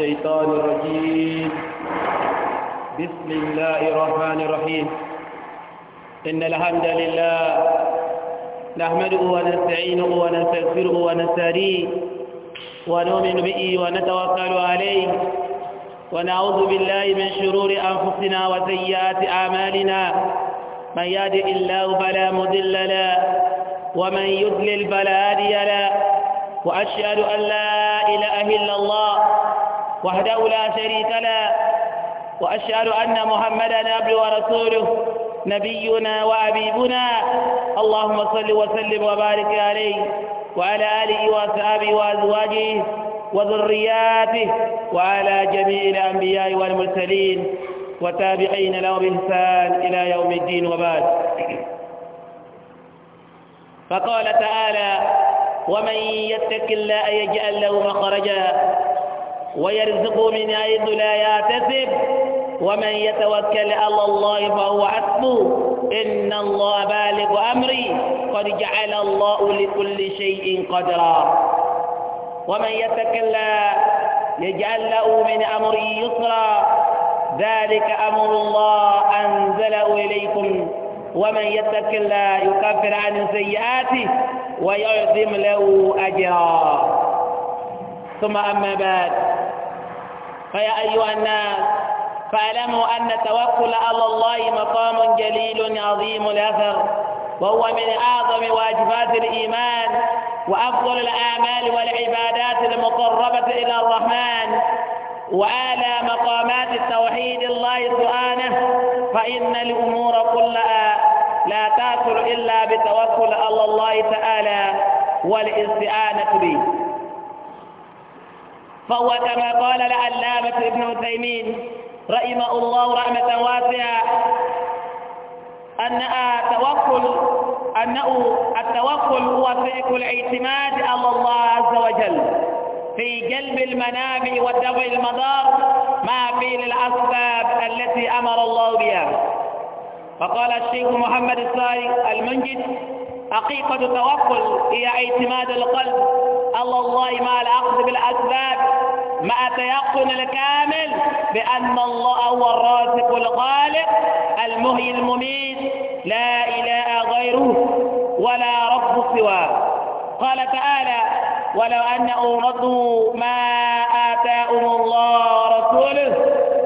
الشيطان الرجيم بسم الله الرحمن الرحيم إن الحمد لله نحمده ونستعينه ونستغفره ونستهديه ونؤمن به ونتوكل عليه ونعوذ بالله من شرور أنفسنا وسيئات أعمالنا من يهده الله فلا مضل له ومن يضلل فلا هادي له وأشهد أن لا إله إلا الله وحده لا شريك له وأشهد أن محمدا عبده ورسوله نبينا وحبيبنا اللهم صل وسلم وبارك عليه وعلى آله وأصحابه وأزواجه وذرياته وعلى جميع الأنبياء والمرسلين وتابعين له بإحسان إلى يوم الدين وبعد فقال تعالى ومن يتق الله يجعل له مخرجا ويرزق من حيث لا يحتسب ومن يتوكل على الله فهو حسبه إن الله بالغ أمري قد جعل الله لكل شيء قدرا ومن يتكلى يجعل له من أمره يسرا ذلك أمر الله أنزله إليكم ومن يتكلى يكفر عن سيئاته ويعظم له أجرا ثم أما بعد فيا أيها الناس فاعلموا أن التوكل على الله مقام جليل عظيم الأثر وهو من أعظم واجبات الإيمان وأفضل الآمال والعبادات المقربة إلى الرحمن وآلى مقامات التوحيد الله سبحانه فإن الأمور كلها لا تأثر إلا بتوكل على الله تعالى والاستعانة به فهو كما قال لعلامة ابن عثيمين رحمه الله رحمة واسعة أنها توكل أنه التوكل هو فعل الاعتماد على الله عز وجل في جلب المنام ودفع المضار ما في الأسباب التي أمر الله بها فقال الشيخ محمد الصالح المنجد حقيقة التوكل هي اعتماد القلب الله مع الأخذ بالأسباب مع تيقن الكامل بأن الله هو الرازق الخالق المهي المميت لا إله غيره ولا رب سواه قال تعالى ولو أنهم ردوا ما آتاهم الله ورسوله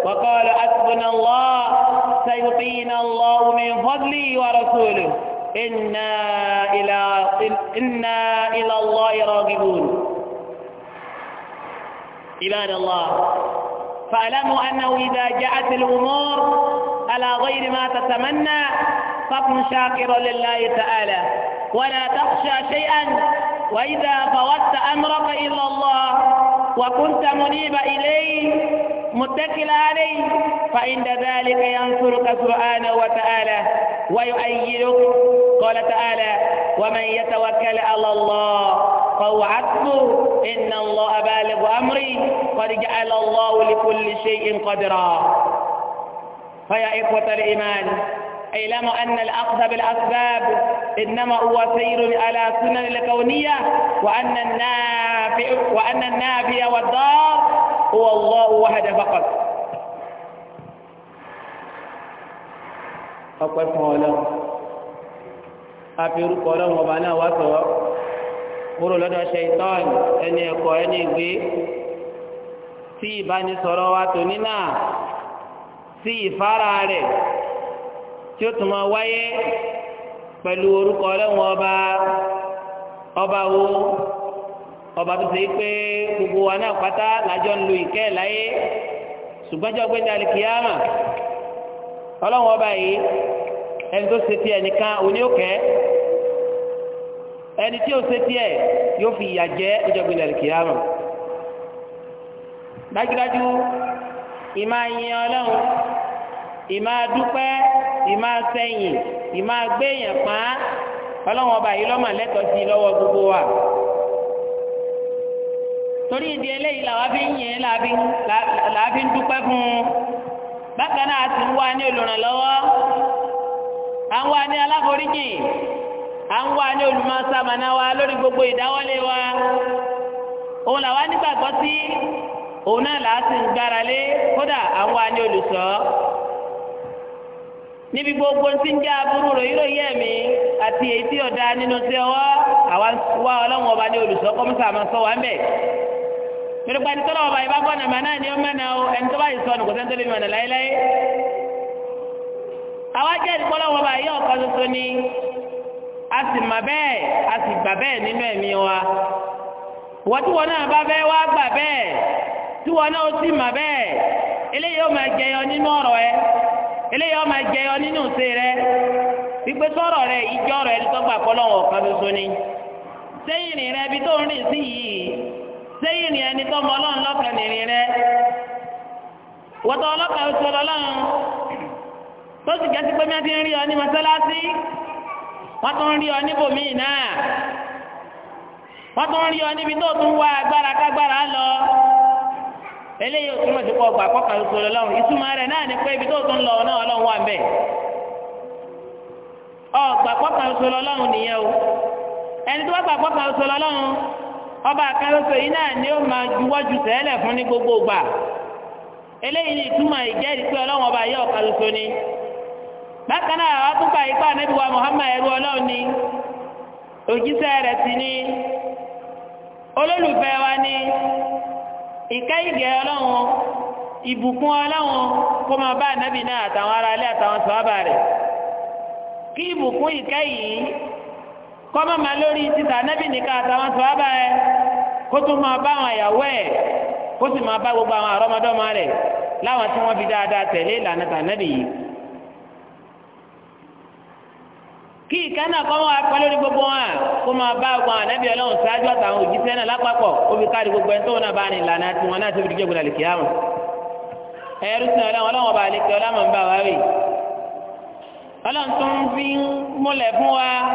وقال حسبنا الله سيعطينا الله من فضله ورسوله إنا إلى إنا إلى الله راغبون عباد الله فاعلموا أنه إذا جاءت الأمور على غير ما تتمنى فكن شاكرا لله تعالى ولا تخشى شيئا وإذا فوت أمرك إلى الله وكنت منيب إليه متكل عليه فإن ذلك ينصرك سبحانه وتعالى ويؤيدك قال تعالى ومن يتوكل على الله فهو حسبه إن الله بالغ أمري قد جعل الله لكل شيء قدرا فيا إخوة الإيمان اعلموا أن الأخذ بالأسباب إنما هو سير على سنن الكونية وأن النافع وأن النافع والضار هو الله وحده فقط ọpẹ́ fún ọlọ́run fi orúkọ ọlọ́run ọba náà wá sọ kúrò lọ́dọ̀ ṣe ẹni ẹ̀kọ́ ẹni ìgbé tí ìbánisọ̀rọ̀ wa tòní náà sí ìfára rẹ̀ tí ó tún máa wáyé pẹ̀lú orúkọ ọlọ́run ọba ọba wo ọba tó ṣe pé gbogbo wa náà pátá lájọ ń lu ìkẹ́ ọlọ́run ọba yìí ẹni tó ṣe tiẹ̀ nìkan òní òkè ẹni tí ó ṣe tiẹ̀ yóò fi ìyà jẹ ìjọgbìn àlùkìyàmù dájúdájú ìmá yin ọlọ́run ìmá dúpẹ́ ìmá sẹ́yìn ìmá gbẹ̀yìn pa ọlọ́run ọba yìí lọ́mọ lẹ́tọ̀ọ́ sí lọ́wọ́ gbogbo wa torí ìdí eléyìí làwa fi ń yìn làá fi ń dúpẹ́ fún un. bákan náà a sì ń wá ní olùrànlọ́wọ́ à ń wá ní aláforíjì à ń wá ní olùmọ̀ọ́sàmánà wa lórí gbogbo ìdáwọ́lé wa òun làwa nígbàgbọ́ sí òun náà là sì ń gbára lé kódà à ń wá ní olùsọ́ níbi gbogbo ti ń jẹ́ aburú ẹ̀mí àti èyí tí ọ̀dà nínú sí ọwọ́ àwa torí pé ẹnitọ́ lọ́wọ́ báyìí bá bọ́ nàmà náà ni ó mẹ́nà o ẹnitọ́ báyìí sọ ọ̀nà kò sẹ́ńtọ́ lè mọ̀nà láéláé. àwa jẹ́ ìdíkọ́ lọ́wọ́ báyìí ọ̀kan tuntun ni a sì mà bẹ́ẹ̀ a sì gbà bẹ́ẹ̀ nínú ẹ̀mí wa. wọ́n tí wọn náà bá fẹ́ wá gbà bẹ́ẹ̀ tí wọn náà sì mà bẹ́ẹ̀ eléyìí ó máa jẹyọ nínú ọ̀rọ̀ ẹ eléyìí ó máa sẹ́yìn ni ẹni tó mọ ọlọ́run lọ́kàn rẹ wọ́tọ̀ ọlọ́kàn oṣù ọlọ́run tó sì jẹ́sí pé mẹ́tí ń rí ọ ní mọ́sálásí wọ́n tún rí ọ náà wọ́n tún rí ọ níbi tó tún wá agbára kágbára lọ eléyìí sí oṣù ọlọ́run ìtumọ̀ rẹ̀ náà ni pé ibi tó tún lọ náà ọlọ́run wà bẹ́ẹ̀ ọgbà oṣù o ẹni tó wá gbà oṣù ọba àkàlọ́sọ yìí náà ni ó máa juwọ́jú sẹ́lẹ̀ fún ní gbogbo ìgbà eléyìí ni ìtumọ̀ ìjẹ́rìí pé ọlọ́run ọba yẹ ọ̀kàlọ́sọ ni bákan náà àwọn tó gba ipá níbi wa Muhammad ẹrú ọlọ́run ni òjíṣẹ́ rẹ̀ sì ni olólùfẹ́ wa ni ìkẹ́ ìgẹ̀ ọlọ́run ìbùkún ọlọ́run kó máa bá ànábì náà àtàwọn aráalé àtàwọn sọ́ọ́bà rẹ̀ kí ìbùkún ìkẹ́ yìí kọ́mọ̀ máa lórí títà nẹ́bì nìkan àtàwọn tó wá bá ẹ kó tún máa bá àwọn ìyàwó ẹ kó sì máa bá gbogbo àwọn àrọ́mọdọ́mọ rẹ láwọn tí wọ́n fi dáadáa tẹ̀lé ìlànà tànẹ́bì yìí. kí ìkànnà kọ́ wọn apá lórí gbogbo wọn kó máa bá gbogbo àwọn ànẹ́bì ọlọ́run ṣáájú àtàwọn òjíṣẹ́ náà lápapọ̀ ó fi káàdì gbogbo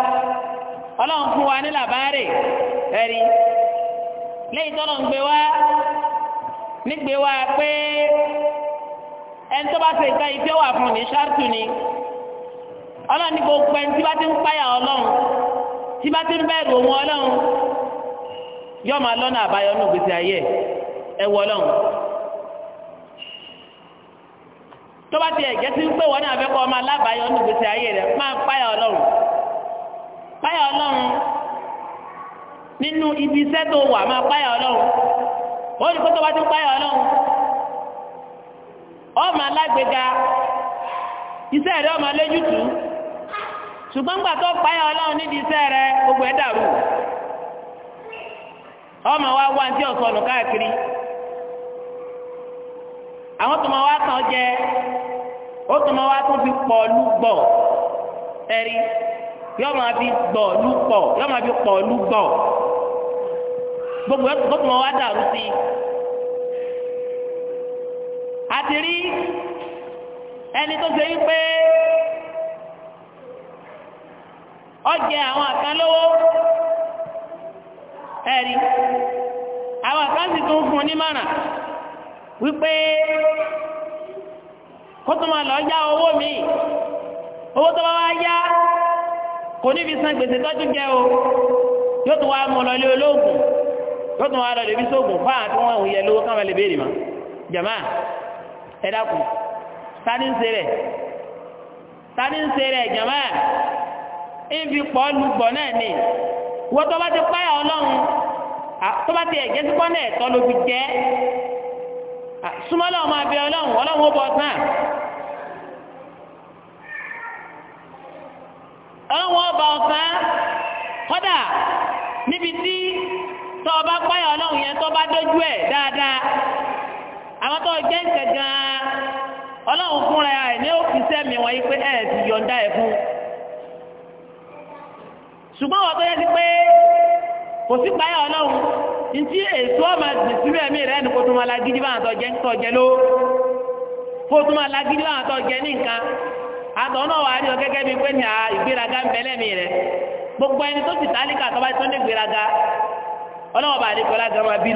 ẹni ọlọ́run fún wa ní làbárè ẹ̀rí lẹ́yìn tọ́lọ̀ ń gbé wá nígbé wá pé ẹni tó bá ṣe ìka ìfẹ́ wà fún ní ṣáàtù ni ọlọ́run ní gbogbo ẹni tí bá ti ń páyà ọlọ́run tí bá ti ń bẹ̀rù òun ọlọ́run yóò máa lọ́nà àbáyọ nù gbèsè ayé ẹ wọ ọlọ́run tó bá ti ẹ̀jẹ̀ ti ń pè wọ́n ní àfẹ́kọ̀ọ́ máa lábàáyọ nù gbèsè ayé rẹ̀ máa ń páyà ọlọ́run. páyà ọlọ́run nínú ibi iṣẹ́ tó wà máa páyà ọlọ́run ó ní kó tó bá páyà ọlọ́run ó máa lágbèga iṣẹ́ rẹ ọ máa lójútùú ṣùgbọ́n tó páyà ọlọ́run nídìí iṣẹ́ rẹ gbogbo ẹ̀ dàrú ọ máa wá wá tí ọ̀sán ọ̀nà káàkiri àwọn tó máa wá jẹ ó tó máa wá tó fi pọ̀ yọ máa bi gbọ̀ lú pọ̀ yọ máa fi pọ̀ gbogbo ẹ̀ gbogbo wọn wá dàrú sí i àti ẹni tó ṣe wípé ọjẹ àwọn lówó àwọn sì tún fún un wípé kó tó mi owó tó bá wá kò níbi san gbèsè tọ́jú jẹ́ o yóò tún wá mọ lọ ilé olóògùn yóò tún wá lọ lè fi sóògùn fáwọn àti wọn òun yẹ lówó káwọn lè béèrè mọ jàmá ẹ dákun tani ń ṣe rẹ ń ṣe rẹ jàmá ìfi pọ̀ lu gbọ̀ náà ni wọ́n tó bá ti páyà ọlọ́run tó bá ti ẹ̀jẹ̀ sí ló fi jẹ́ súnmọ́ lọ́wọ́ máa bẹ ọlọ́run ọlọ́run ó bọ̀ jẹ́ nǹkan gaa an ọlọ́run fúnra ẹ̀ ní òfin sẹ́mi wọn yí pé ẹ̀ ti yọ̀ǹda ẹ̀ fún ṣùgbọ́n wọ́n tó yẹ sí pé kò sí payá ọlọ́run ntí èso ọmọ ẹ̀sìn rẹ̀ ní gidi bá àtọ̀ jẹ́ ló máa gidi bá àtọ̀ ní nǹkan àtọ̀ náà wà á ní ọ gẹ́gẹ́ bíi pé ní à ìgbéraga ń gbogbo ẹni tó tálíkà tó ní ìgbéraga bá àdékọ́lá gan máa bí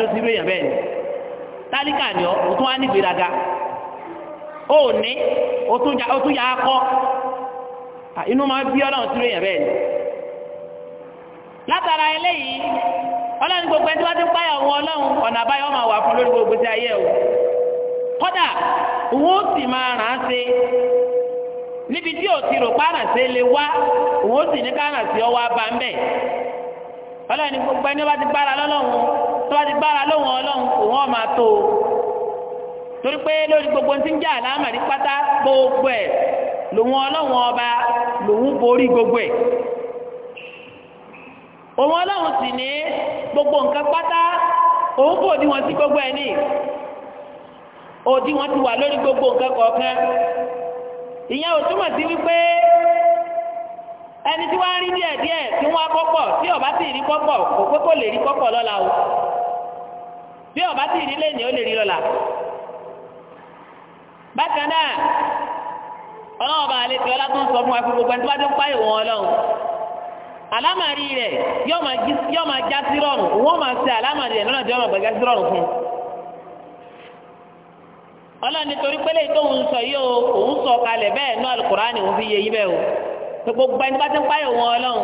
tálíkà ni ọ o tún wá ní o ò o tún ya o tún ya akọ inú máa bí ọlọ́run tí ló yàn látara eléyìí ọlọ́run gbogbo ẹni tí wọ́n ti ń wọn ọlọ́run ọ̀nà àbáyọ máa wà fún lórí gbogbo ti ayé o kódà òun sì máa ràn án ti rò lè wá sì ní ọwọ́ abá ń bẹ̀ ọlọ́run gbogbo ẹni wọ́n ti gbára lọ́lọ́run tó bá ti gbára lóhùn ọlọ́run òun ọ̀ máa tó o torí pé lórí gbogbo tí ń jẹ́ àlámàrí pátá gbogbo ẹ̀ lòun ọlọ́run ọba lòun borí gbogbo ẹ̀ òun ọlọ́run sì ní gbogbo nǹkan pátá òun kò dí wọn sí gbogbo ẹ̀ ní òdí wọn ti wà lórí gbogbo nǹkan kọ̀ọ̀kan ìyẹn ò túmọ̀ sí wípé ẹni tí wọ́n rí díẹ̀díẹ̀ tí wọ́n á kọ́pọ̀ tí ọba sì rí kọ́pọ̀ kò pé kò lè rí kọ́pọ̀ lọ́la o bí ọba tí ìdílé ni ó lè rí lọ́la bákan náà ọlọ́wọ́ bá alẹ́ tí ọlá tó ń sọ fún wa fún gbogbo ẹni tó bá tó ń páyò wọn ọlọ́run alámàrí rẹ̀ yóò máa já sí rọrùn wọ́n máa ṣe alámàrí rẹ̀ lọ́nà tí wọ́n máa gbẹ̀gẹ́ sí rọrùn fún un ọlọ́run nítorí pé lẹ́yìn tó ń sọ yìí o òun sọ kalẹ̀ bẹ́ẹ̀ náà alukùránì òun fi yé yí bẹ́ẹ̀ o gbogbo ẹni bá ti ń páyò wọn ọlọ́run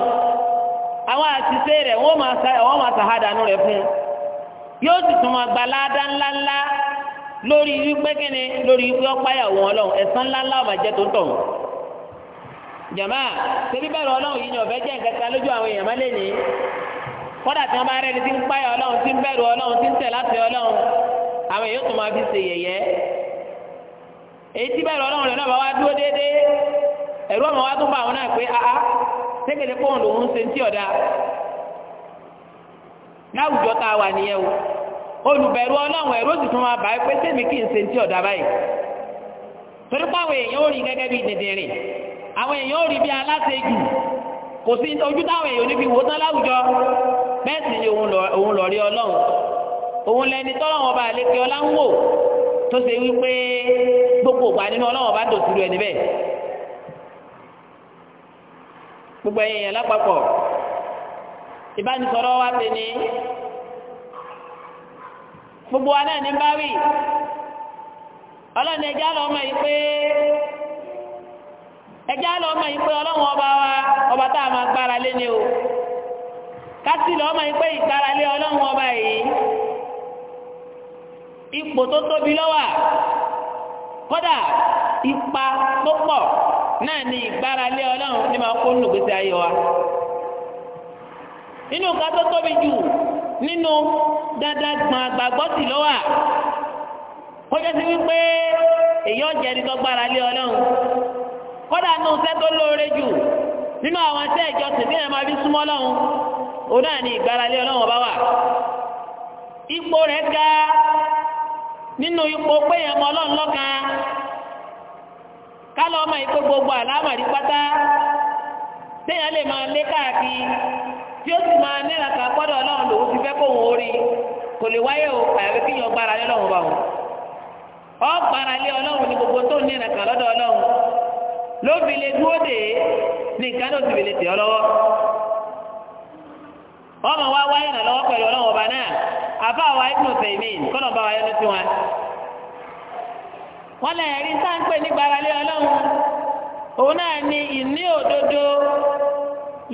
àwọn àṣìṣe rẹ̀ wọ́n máa ṣàhádànú rẹ̀ fún un yóò sì tún máa gba láàdá ńláńlá lórí wípé kíni lórí wípé ọ̀páyàwó ọlọ́run ẹ̀san ńláńlá ọ̀mà jẹ́ tó ń tọ̀ jàmá ṣebí bẹ́ẹ̀ ọlọ́run yìí ni ọ̀fẹ́ jẹ́ nǹkan kan lójú àwọn èèyàn má lè ní kódà tí wọ́n bá rẹ́ni tí ń páyà ọlọ́run tí ń bẹ̀rù ọlọ́run tí ń tẹ̀ láti ọlọ́run àwọn èèyàn tó máa fi ṣe yẹ̀yẹ́ èyí tí bẹ̀rù ọlọ́run rẹ̀ náà bá wá dúró déédéé ẹ̀rú ọmọ wa tún bá àwọn náà pé láwùjọ tá a wà nìyẹn o olùbẹ̀rù ọlọ́run ẹ̀rọ sì fún máa bá pé sẹ́mi kì í ṣe ti báyìí torí pé àwọn èèyàn ò rí gẹ́gẹ́ bí dìndìnrìn àwọn èèyàn ò rí bí aláṣejù kò sí ojú táwọn èèyàn níbi gbogbo ògbà nínú bá gbogbo ìbánisọ̀rọ̀ wa pè ní gbogbo wa náà ní báwì ọlọ́run ẹja lọ mọ̀ yìí pé ọba wa ọba a máa gbára lé ní o kásì lọ ọmọ yìí pé ìgbára ọba yìí ipò tó tóbi lọ́wà kódà ipa tó pọ̀ náà ní ìgbára lé ọlọ́run wa. nínú nǹkan tó tóbi jù nínú dáadáa gbọ̀n àgbàgbọ́ sì lọ́wà ó jẹ́ sí wípé èyí ọ̀jẹ̀ ni tó gbára lé ọlọ́run kódà nù sẹ́ tó lóore jù nínú àwọn iṣẹ́ ìjọsìn tí ẹ̀ máa fi súnmọ́ ọlọ́run òun náà ni ìgbára lé ọlọ́run ọba wà ipò rẹ̀ ga nínú ipò pé ẹ̀mọ́ ọlọ́run lọ́kan ká lọ́ọ́ máa gbogbo àlámàrí pátá téèyàn lè máa lé káàkiri tí ó sì máa ní ìlàkà gbọ́dọ̀ ọlọ́run lòun ti fẹ́ kóhun orí kò lè wáyé o àyàfi kí yàn gbára lé ọlọ́run bá wọn. ọ gbára lé ọlọ́run ní gbogbo tó ní ìlàkà lọ́dọ̀ ọlọ́run ló fi lè dúró dè é ní nǹkan ló ti fi lè tẹ̀ ọ́ lọ́wọ́. ọmọ wa wáyé ìrànlọ́wọ́ pẹ̀lú ọlọ́run ọba náà àbá wa ibùdó tẹ̀míìn kọ́nà bá wa yẹnu tí wọn. wọ́n lẹ̀ rí sáńpẹ̀ ní gbára lé ọlọ́run òun náà ní ìní òdodo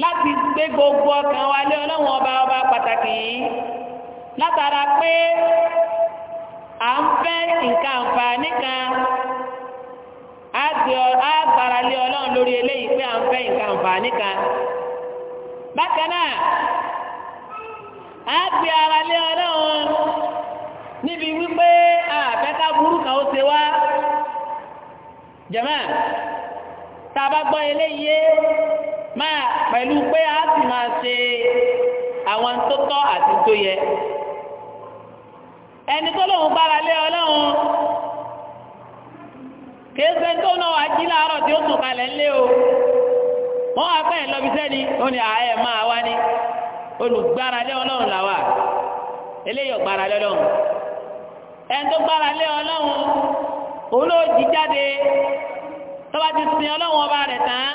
láti gbé gbogbo ọkàn wa lé ọlọ́run ọba ọba pàtàkì yìí látara pé à ń fẹ́ nǹkan àǹfààní kan á gbára lé ọlọ́run lórí eléyìí pé à ń fẹ́ nǹkan àǹfààní kan bákan náà á gbé ara lé ọlọ́run níbi wípé àfẹ́ká burúkú ó ṣe wá jẹ̀mọ́ tàbá gbọ́ eléyìí máa pẹ̀lú pé a sì máa ṣe àwọn tó tọ́ àti tó yẹ ẹni tó lóun gbára lé ọlọ́run kìí ṣe tó náà wá jí láàárọ̀ tí ó sùn kalẹ̀ ńlé o wọ́n wá fẹ́ lọ bí sẹ́ni ó ní ààyè máa wá ní olùgbára lé ọlọ́run làwà eléyìí ọ̀gbára lé ọlọ́run ẹni tó gbára lé ọlọ́run òun ló jí jáde tọ́ba ti sin ọlọ́run ọba rẹ̀ tán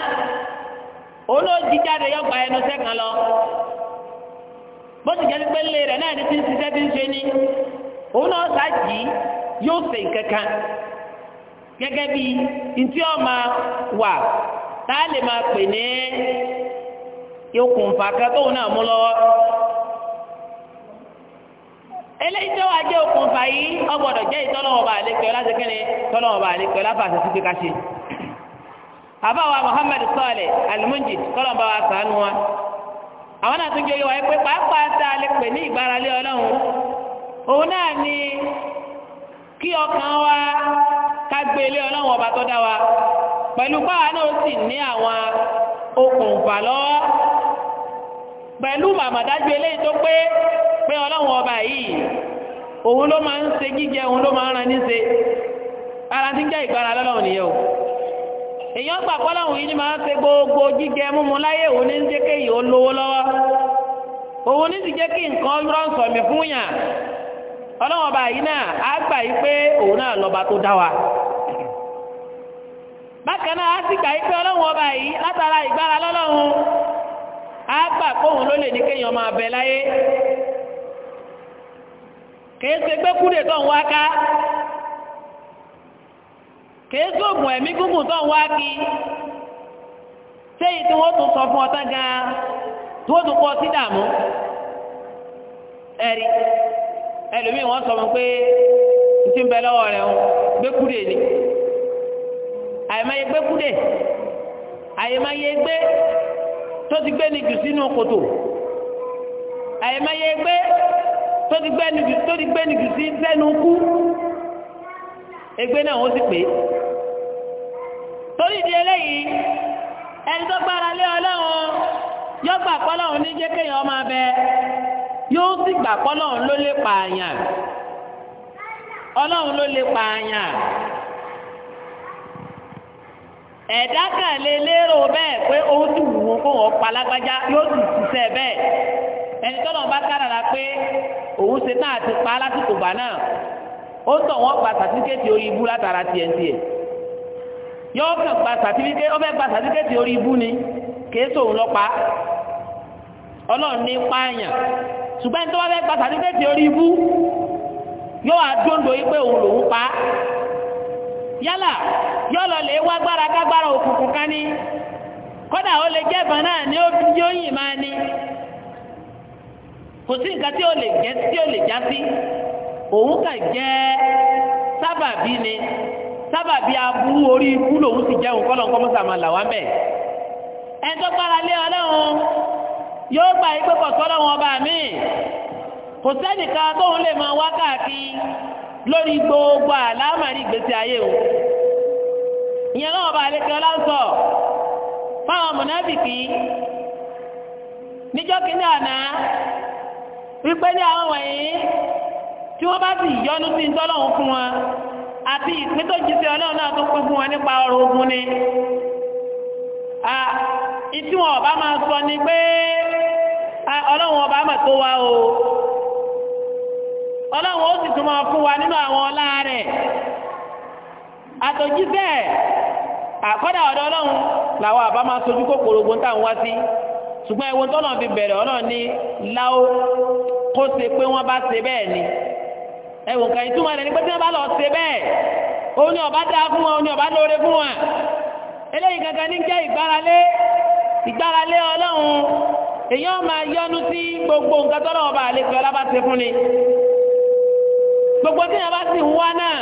olóòjì jáde yọgbà ẹnu sẹ́kàn lọ bó ti jẹ́ pé lé rẹ̀ náà ní ti ń ṣiṣẹ́ ti ń ni òun náà yóò kan gẹ́gẹ́ bí ntí ọmọ wà tá a lè máa pè ní okùnfà kan tóun náà mú lọ́wọ́ eléyìí tó jẹ́ okùnfà yìí gbọ́dọ̀ jẹ́ ìtọ́lọ́wọ́ bá àbáwa Muhammad sọọlẹ alimunji kọlọ bá wa sànù wa àwọn náà tún jẹ yẹ pé pàápàá a lè ni kí ọkàn wa ká gbé ilé ọba tó dá wa pẹ̀lú báwa náà ó sì ní àwọn màmàdájú eléyìí tó pé pé ọba yìí òun ló máa ń ṣe jíjẹ òun ló máa ń ran ara ti ń ìgbára èyàn gbà pọ́láhùn yìí ni máa ń ṣe gbogbo jíjẹ múmu láyé òun ní jẹ́ kí èèyàn lówó lọ́wọ́ òun ní ti jẹ́ kí nǹkan rọ̀ǹsọ̀ mi fún yàn ọlọ́wọ́n ọba yìí náà á gbà yí pé òun náà lọ́ba tó dá wa bákan náà á sì gbà yí pé ọlọ́wọ́n yìí látara ìgbára lọ́lọ́run á gbà kèésù ògùn ẹ̀mí gúngùn tó ń wá kí séyìí tí wọ́n tún sọ fún ọtá gan tí wọ́n tún kọ́ sí dààmú ẹ̀rí ẹlòmíì wọ́n sọ fún pé ntí ń bẹ lọ́wọ́ rẹ̀ ń gbẹ́kúdè ni àyèmáyé gbẹ́kúdè àyèmáyé gbé tó ti gbé ni jù sínú kòtò àyèmáyé gbé tó ti gbé ni jù sínú kú ẹgbẹ́ náà wọ́n sì pè é torí ìdí eléyìí ẹni tó gbára lé ọlọ́run yóò gbà pọ́lọ́run ní jẹ́ kéèyàn ọmọ abẹ yóò sì gbà pọ́lọ́run ló lè pààyàn ọlọ́run ló lè pààyàn ẹ̀dá kan lè lérò bẹ́ẹ̀ pé ó ti wù ú kó wọ́n pa lágbájá yóò sì ṣiṣẹ́ bẹ́ẹ̀ ẹni tọ́lọ̀ bá kárara pé òun ṣe náà ti pa lásìkò gbà náà ó tọ̀ wọ́n gba sàtífíkẹ́tì orí ibú látara tiẹ̀ tiẹ̀. yọ fẹ́ gba sàtífíkẹ́ ọ fẹ́ gba sàtífíkẹ́tì orí ibú ni kéésò ń ọlọ́run ní pààyàn ṣùgbọ́n tó wá fẹ́ gba sàtífíkẹ́tì orí ibú yóò wá dóńdó òun lòún pa yálà yọ lọ lè wá gbára kágbára òkùnkùn kan ní kódà ó lè jẹ́ ìbọn ní ó máa ní kò sí nǹkan tí ó lè jẹ́ sábàbí aburú orí ikú lòun sì jẹun kọ́ lọ́nkọ́ mọ́sà máa là wá mẹ́ ẹ̀ tó gbára lé ọlọ́run yóò gbà yí pé kọ̀sọ́ lọ́wọ́ ọba mi kò sẹ́nìkan tóun lè máa wá káàkiri lórí gbogbo àlámàrí ìgbésí ayé o ìyẹn náà ọba àlekè ọlá ń sọ fáwọn mọ̀nàbìkì níjọ́ kínní àná wípé ní àwọn wọ̀nyí tí wọ́n bá sì yọnu sí ń fún wọn. àti ìpín tó jí sí ọlọ́run náà tó pín fún wọn nípa ogun ni ìtí wọn ọba máa sọ ni pé ọlọ́run ọba máa tó wa o ọlọ́run ó sì tún máa fún wa nínú àwọn ọlá rẹ̀ àtòjíṣẹ́ àkọ́dà ọ̀dọ̀ ọlọ́run làwọn àbá máa sojú kòkòrò ogun táwọn wá sí ṣùgbọ́n fi bẹ̀rẹ̀ ọlọ́run láó kó pé wọ́n bá ni. ẹ̀wọ̀n kan ìtumọ̀ rẹ̀ ní pé bá lọ ṣe bẹ́ẹ̀ òun ni ọba dáa fún wọn òun ni ọba lóore fún wọn eléyìí gangan ní jẹ́ ìgbáralé ìgbáralé ọlọ́run èyàn máa yọnu sí gbogbo nǹkan tọ́lọ́ ọba àlejò ọlábà ṣe fún ni gbogbo tí yẹn bá sì ń wá náà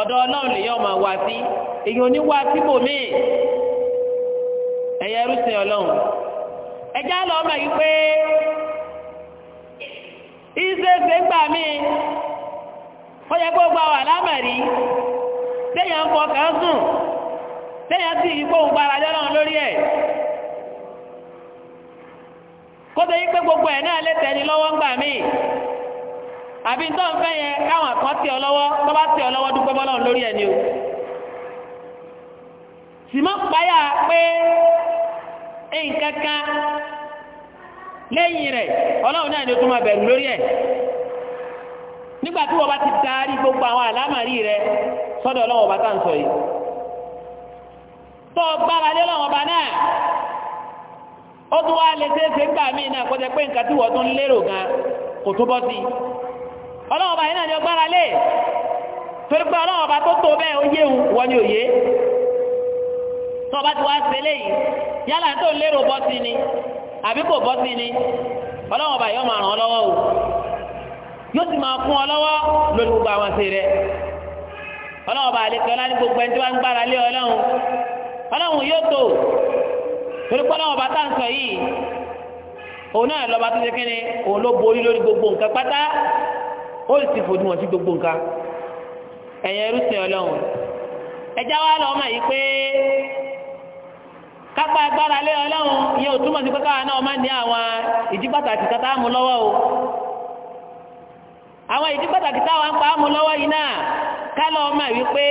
ọ̀dọ̀ ọlọ́run lèyàn máa wá sí èyàn ò ní wá sí bòmíì ẹ̀yẹ ẹrúsìn ọlọ́run ẹjá lọ́ọ́ mọ̀ yìí pé ìṣe gbà míì ó yẹ gbogbo àwọn àlámẹ̀rí téèyàn ń fọkàn sùn téèyàn sì yí kóhùn gbára lọ́rùn lórí ẹ̀ kótó yí pé gbogbo ẹ̀ náà lè tẹ̀lé lọ́wọ́ ńgbà míì àbí tó ń fẹ́ yẹn káwọn kan tẹ̀ ọ lọ́wọ́ tó bá tẹ̀ ọ lọ́wọ́ dúpẹ́ bọ́lọ́run lórí ẹ̀ ni o tìmọ̀ páyà pé nǹkan kan lẹ́yìn rẹ̀ ọlọ́run náà ni ó tún máa bẹ̀rù lórí ẹ̀ nígbà tí wọ́n bá ti darí gbogbo àwọn àlámàrí rẹ sọ́dọ̀ ọlọ́wọ́ bá tàn sọ yìí tó gbára lé lọ́wọ́ bá náà ó tún wá lè ṣeéṣe gbà míì náà kọjá pé nǹkan tí wọ́n tún lérò gan kò tó bọ́ sí ọlọ́wọ́ bá yìí náà ni ó gbára lé torí pé ọlọ́wọ́ bá tó tó bẹ́ẹ̀ ó yé wọn ni òye tó bá ti wá ṣe léyìí yálà tó lérò bọ́ sí ni àbí kò bọ́ sí ni ọlọ́wọ́ bá yìí ó máa ràn ọ́ lọ́wọ́ o. yóò sì máa kún ọ lọ́wọ́ lórí gbogbo àwọn ṣe rẹ ọlọ́run ní gbogbo ẹni tí wọ́n ń gbára lé ọlọ́run ọlọ́run yóò tó torí pé tá à ń sọ yìí òun náà lọ́ba tó ṣe kí ni òun ló borí lórí gbogbo nǹkan pátá ó sì fòdì wọn sí gbogbo nǹkan ọlọ́run wa pé kápá agbára lé ọlọ́run túmọ̀ sí pé káwa náà ní àwọn ìdí pàtàkì kátà mú o. àwọn ìdí pàtàkì táwọn ń pa á mú lọ́wọ́ yìí náà kálọ̀ ọmọ wípé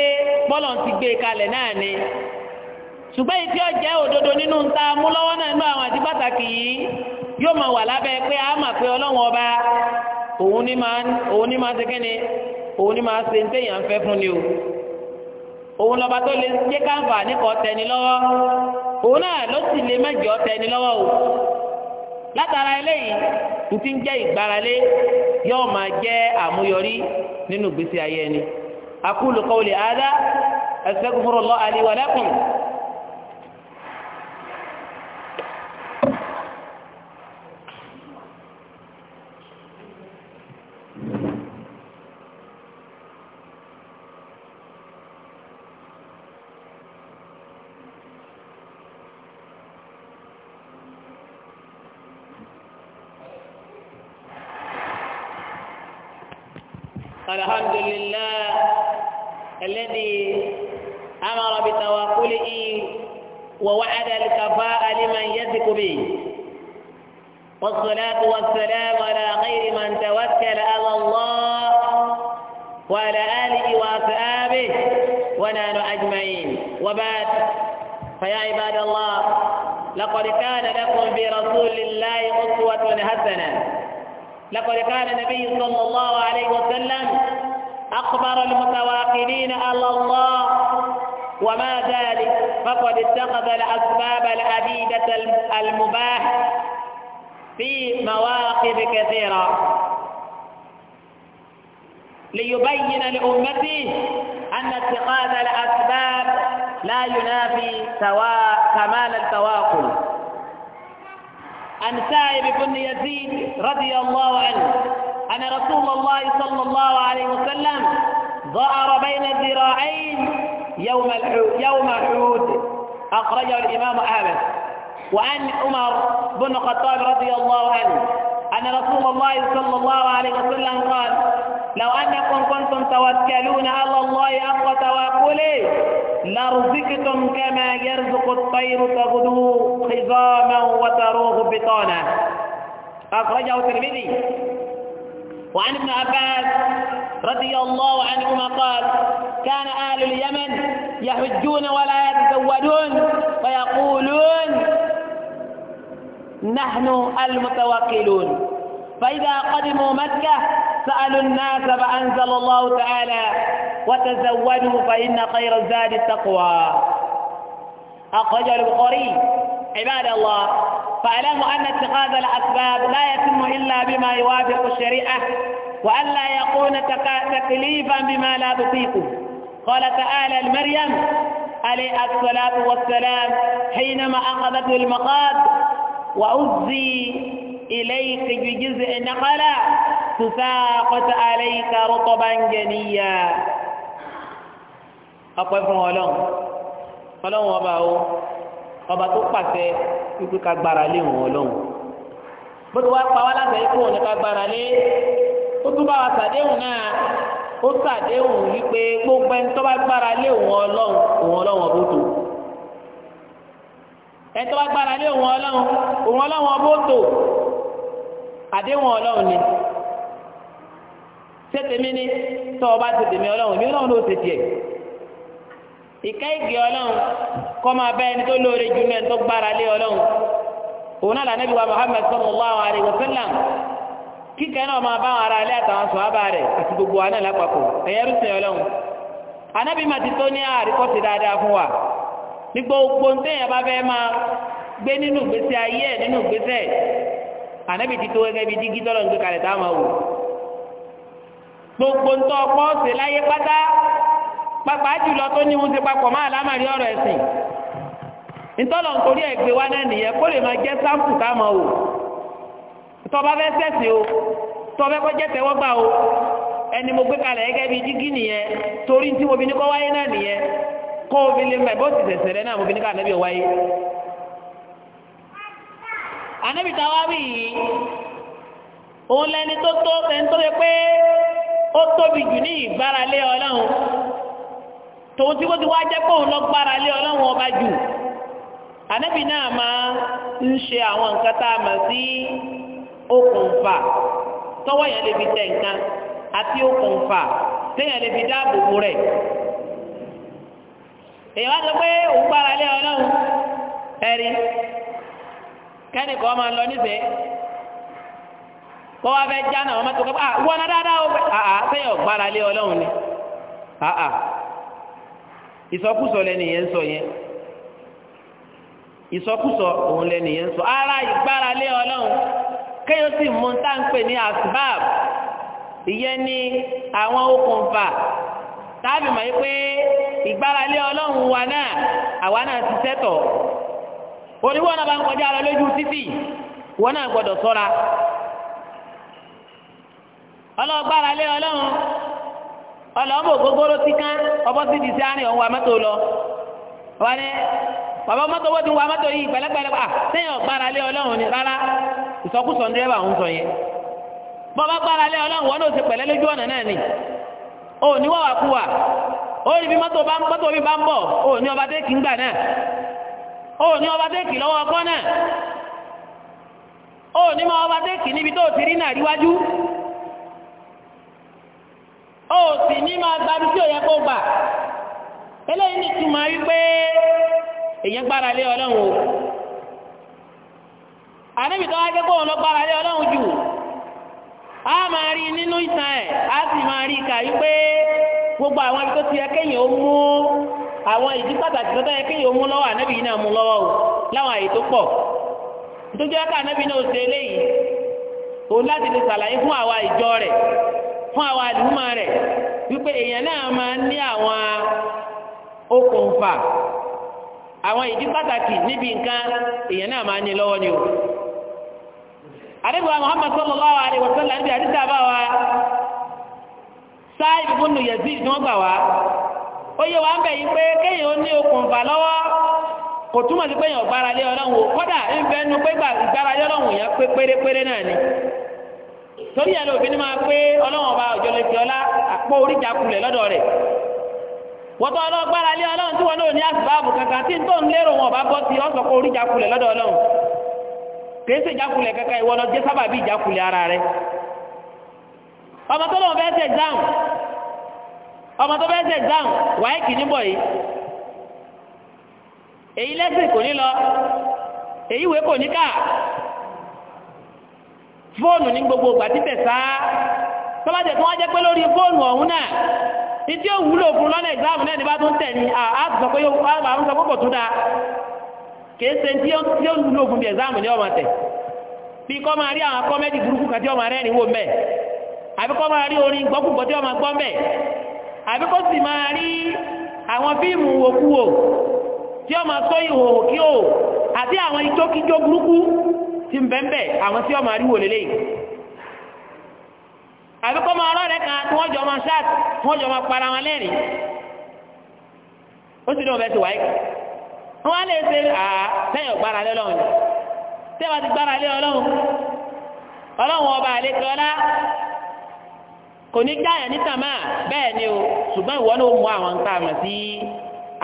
bọ́lọ̀ ti gbé e kalẹ̀ náà ni ṣùgbọ́n ìdí ọ̀jẹ́ òdodo nínú ń ta mú lọ́wọ́ náà nínú àwọn ìdí pàtàkì yìí yóò máa wà lábẹ́ pé a máa pe ọlọ́run ọba òun ní máa òun ní máa ṣe kíni òun ní máa ṣe ń téèyàn fẹ́ fún ni o òun lọ́ba tó lè jẹ́ káǹfà nípa ọ̀tẹ̀ni lọ́wọ́ òun náà ló sì lè má jẹ́ lọ́wọ́ o látara eléyìí ntí ń jẹ́ ìgbáralé yóò máa jẹ́ àmúyọrí nínú ìgbésí ayé ẹni. aqulu qawli hadha astaghfirullah li wa lakum. الحمد لله الذي أمر بتواكله ووعد الكفاء لمن يثق به والصلاة والسلام على غير من توكل على الله وعلى آله وأصحابه ونحن أجمعين وبعد فيا عباد الله لقد كان لكم في رسول الله أسوة حسنة لقد كان النبي صلى الله عليه وسلم أخبر المتواكلين على الله وما ذلك فقد اتخذ الأسباب العديدة المباح في مواقف كثيرة ليبين لأمته أن اتخاذ الأسباب لا ينافي كمال التواكل عن سائب بن يزيد رضي الله عنه أن رسول الله صلى الله عليه وسلم ظهر بين الذراعين يوم الحوت يوم الحوت أخرجه الإمام أحمد وعن عمر بن الخطاب رضي الله عنه أن رسول الله صلى الله عليه وسلم قال لو أنكم كنتم توكلون على الله أقوى توكله لرزقتم كما يرزق الطير تغدو خزاما وتروه بطانا أخرجه الترمذي وعن ابن عباس رضي الله عنهما قال كان أهل اليمن يحجون ولا يتزودون ويقولون نحن المتوكلون فإذا قدموا مكة سألوا الناس فأنزل الله تعالى وتزودوا فإن خير الزاد التقوى أخرجه البخاري عباد الله فاعلموا أن اتخاذ الأسباب لا يتم إلا بما يوافق الشريعة وأن لا يكون تكليفا بما لا تطيقه قال تعالى المريم عليه الصلاة والسلام حينما أخذته المقاد وأزي إليك بجزء نقلا تساقط عليك رطبا جنيا ọpẹ́ fún Ọlọ́run Ọlọ́run ọba o ọba tó pàṣẹ wípé ká gbára lé òun Ọlọ́run bó ti wá pa wá láti ẹ̀kọ́ òun ká gbára lé ó tún bá wa ṣàdéhùn náà ó ṣàdéhùn wípé gbogbo ẹni tó bá gbára lé òun Ọlọ́run òun Ọlọ́run ọbó tó ẹni tó bá gbára lé òun Ọlọ́run òun Ọlọ́run ọbó tó àdéhùn Ọlọ́run ni tẹ́tẹ̀mí ni tọ́ ọ bá tẹ̀tẹ̀mí ọlọ́run mi ọlọ́run ló ṣe tiẹ̀ ìka ìgbé ọlọ́run kọ́ máa bá ẹni tó lóore jù náà tó gbára lé ọlọ́run òun náà lànà ìwà Muhammad sallallahu alaihi wasallam kíkẹ́ náà máa bá àwọn ará ilé àtàwọn sọ̀hábà rẹ̀ àti gbogbo wa náà lápapọ̀ ẹ̀yẹ́rú sìn ọlọ́run anábì máa ti tó ní àríkọ́ ti dáadáa fún wa ní gbogbo ń tẹ́yìn bá fẹ́ máa gbé nínú ìgbésẹ̀ ayé ẹ̀ nínú ìgbésẹ̀ anábì ti tó gẹ́gẹ́ bí dígí tọ́lọ́ ń gbé kalẹ̀ táwọn máa wò gbogbo ńtọ́ ọkọ ṣe láyé pátá pápá jùlọ tó ní oúnjẹ papọ̀ máa lámàrí ọ̀rọ̀ ẹ̀sìn ntọ́lọ̀ nítorí ẹ̀ gbé wá náà nìyẹn kó lè máa jẹ́ sáǹpù táwọn o tọba fẹ́ sẹ̀sìn o tọba kọ́ jẹ́ tẹ́wọ́gbà o ẹni mo gbé kalẹ̀ gẹ́gẹ́ bí jígí nìyẹn torí tí mo fi ní kọ́ wáyé náà nìyẹn kó o fi lè mọ̀ bó ti sẹ̀sẹ̀ rẹ náà mo fi ní ká ànábì wáyé. ànábì táwa wí yìí òun lẹni tó tó ẹni tó yẹ pé ó tóbi jù ní ìgbáralé ọlọ́run tòun tí wọ́n ti wá jẹ́ pé òun lọ gbáralé ọlọ́run ọba jù ànábì náà máa ń ṣe àwọn nǹkan tá a mọ̀ sí okùnfà tọ́wọ́ yẹn lè fi tẹ̀ nǹkan àti okùnfà téèyàn lè fi dáàbò bò rẹ̀ èyàn wá sọ pé òun gbáralé ọlọ́run ẹ̀rí kẹ́nìkan máa lọ níbẹ̀ kọ́ wá fẹ́ já náà wọ́n mẹ́tò kọ́ ah, wọ́n náà dáadáa ah, ah, ó pẹ́ àà sẹ́yìn ọ̀gbára lé ọlọ́run ni àà ìsọkúsọ lẹ́nu yẹn ń sọ yẹn ìsọkúsọ òun lẹ́nu yẹn sọ ara ìgbára lé ọlọ́run kéèyàn sì mú tá ní asbab ìyẹn ní àwọn okùnfà táàbì mọ̀ pé ìgbára lé ọlọ́run wa náà àwa náà ti sẹ́tọ̀ oníwọ̀n náà bá ń kọjá lọ lójú títì wọn náà gbọ́dọ̀ ṣọ́ra. ọlọ́gbára lé ọlọ́run ọlọ́mọ ògógóró ti kán ọbọ̀ sí ti sí àárín ọ̀hún lọ wọ́n ní bàbá mọ́tò wọ́n ti wọ mọ́tò yìí pẹ̀lẹ́pẹ̀lẹ́ à sẹ́yìn ọlọ́run ni rárá ìsọkúsọ sọ yẹn gbára lé ọlọ́run wọn náà ti pẹ̀lẹ́ lójú ọ̀nà náà ni ní kú wa ní bí mọ́tò bá ń bọ̀ ọba déèkì ńgbà náà O ní ọba déèkì lọ́wọ́ ọkọ náà O ní ọba déèkì níbi tó ti rí ó sì ní máa gbábi tí ò yẹ kó gbà eléyìí ní túmọ̀ wípé èèyàn gbára lé ọlọ́run o àdébì tó wá jẹ́ kóun lọ gbára lé ọlọ́run jù á máa rí nínú ìtàn ẹ̀ á sì máa rí gbogbo àwọn ibi tó ti yẹ kéèyàn ó mú àwọn ìdí pàtàkì tó tẹ́ yẹ kéèyàn ó mú lọ́wọ́ yìí náà mú lọ́wọ́ o láwọn àyè tó pọ̀ nítorí ẹ̀ka ànábì náà ó ṣe eléyìí òun láti lè ṣàlàyé fún àwa ìjọ fún àwọn àdúgbò rẹ̀ wípé èèyàn náà máa ń ní àwọn okùnfà àwọn ìdí pàtàkì níbi nǹkan èèyàn náà máa ní lọ́wọ́ ni o. àdébùwà Muhammad sallallahu alaihi wasallam níbi àdìsá bá wa Sa'id ibn Yazid ni wọ́n gbà wá ó yẹ wá bẹ̀ yí pé kéèyàn ó ní okùnfà lọ́wọ́ kò túmọ̀ sí pé èèyàn torí ẹ̀ lóbi ni máa pé ọlọ́wọ́n bá òjò lè ọlá àpò oríjà kulẹ̀ lọ́dọ̀ rẹ̀ wọ́tọ́ ọlọ́gbára lé ọlọ́run tí wọn náà ní àsìbáàbù kankan tí tó ń lérò wọn bá bọ́ sí ọ̀sọ̀ kó oríjà kulẹ̀ lọ́dọ̀ ọlọ́run kì í ṣe ìjákulẹ̀ kankan ìwọ lọ jẹ́ ìjákulẹ̀ ara rẹ̀ ọmọ tó lọ́wọ́ ṣe ọmọ tó ṣe exam wáyé kìíní bọ̀ yìí èyí lẹ́sìn kò ní lọ èyí kò ní fóònù ní gbogbo ìgbà títẹ̀ sáá tọ́lájẹ̀ tó wá jẹ́ pé lórí fóònù ọ̀hún náà ní tí ó wúlò fún lọ́nà ìgbàmù náà ní bá tó ń tẹ̀ ní àásọ pé àwọn sọ púpọ̀ tó dáa kìí ṣe tí ó wúlò fún bí ẹ̀gbàmù ní ọmọ tẹ̀ bí kọ́ máa rí àwọn kọ́mẹ́dì burúkú kan tí ọmọ rẹ̀ níwò mẹ́ àbí kọ́ máa rí orin gbọ́kùgbọ́ tí ọmọ gbọ́ mẹ́ àbí kó sì máa rí àwọn fíìmù òkúwò tí ọmọ sọ ìhòòhò kí ó àti àwọn ijókíjó burúkú tí ń bẹ́ńbẹ́ àwọn tí ọmọ àríwò lélẹ̀ yìí àbíkọ́ máa ọlọ́rẹ̀ kan tí wọ́n jọ máa ṣáàtì tí wọ́n jọ máa para wọn lẹ́rìn ó sì ní ọbẹ̀ ti wáyé wọ́n á lè ṣe àtẹ́yọ̀ gbára lé ọlọ́run tẹ́wà ti gbára lé ọlọ́run ọlọ́run ọba àlejò ọlá kò ní jáyà ní tàmá bẹ́ẹ̀ ni o ṣùgbọ́n ìwọ ló mú àwọn nǹkan àmọ̀ sí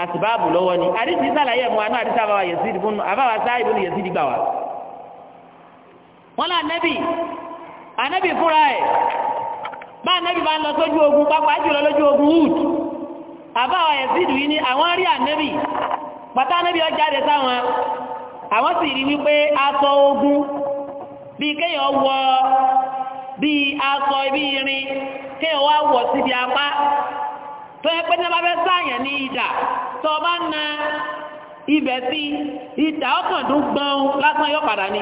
àtìbáàbù lọ́wọ́ ni àdìsí sàlàyé ẹ̀mú àná àdìsí àbáwá yẹ̀sídìí fún àbáwá sáà ìbónú yẹ̀sídìí gbà wá wọ́n lá ànábì ànábì fúnra ẹ̀ bá ànábì bá ń lọ sójú ogun pápá jùlọ lójú ogun wood àbáwọ̀ ẹ̀sìdù yìí ni àwọn rí ànábì pàtà ànábì ó jáde sáwọn àwọn sì rí wípé aṣọ ogun bíi kéèyàn wọ bíi aṣọ ibi irin kéèyàn wá wọ̀ síbi apá tó yẹ pé ní wọ́n bá fẹ́ sáàyàn ní ìdà tó o bá na ibẹ̀ sí ìdà ọkàn dún gbọ́n lásán yóò padà ni.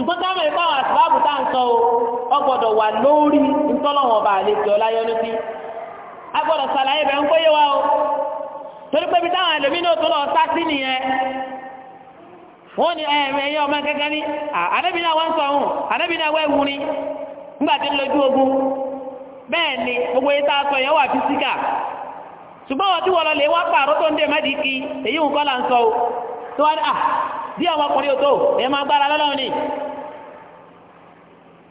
ṣùgbọ́n táwọn tá ọ gbọ́dọ̀ wà lórí ọba àlejò ọláyọ́nú sí a gbọ́dọ̀ ṣàlàyé bẹ́ẹ̀ ń kó yé o torí pé bí táwọn ẹlòmínú tó lọ sá sí nìyẹn wọ́n ní ẹ̀yẹ ọmọ gẹ́gẹ́ ní àdébí sọ ọ̀hún ni tí ń ogun bẹ́ẹ̀ ni a fisika ṣùgbọ́n lọ lè wá pààrọ̀ tó ń kí èyí sọ o tó wá ní à bí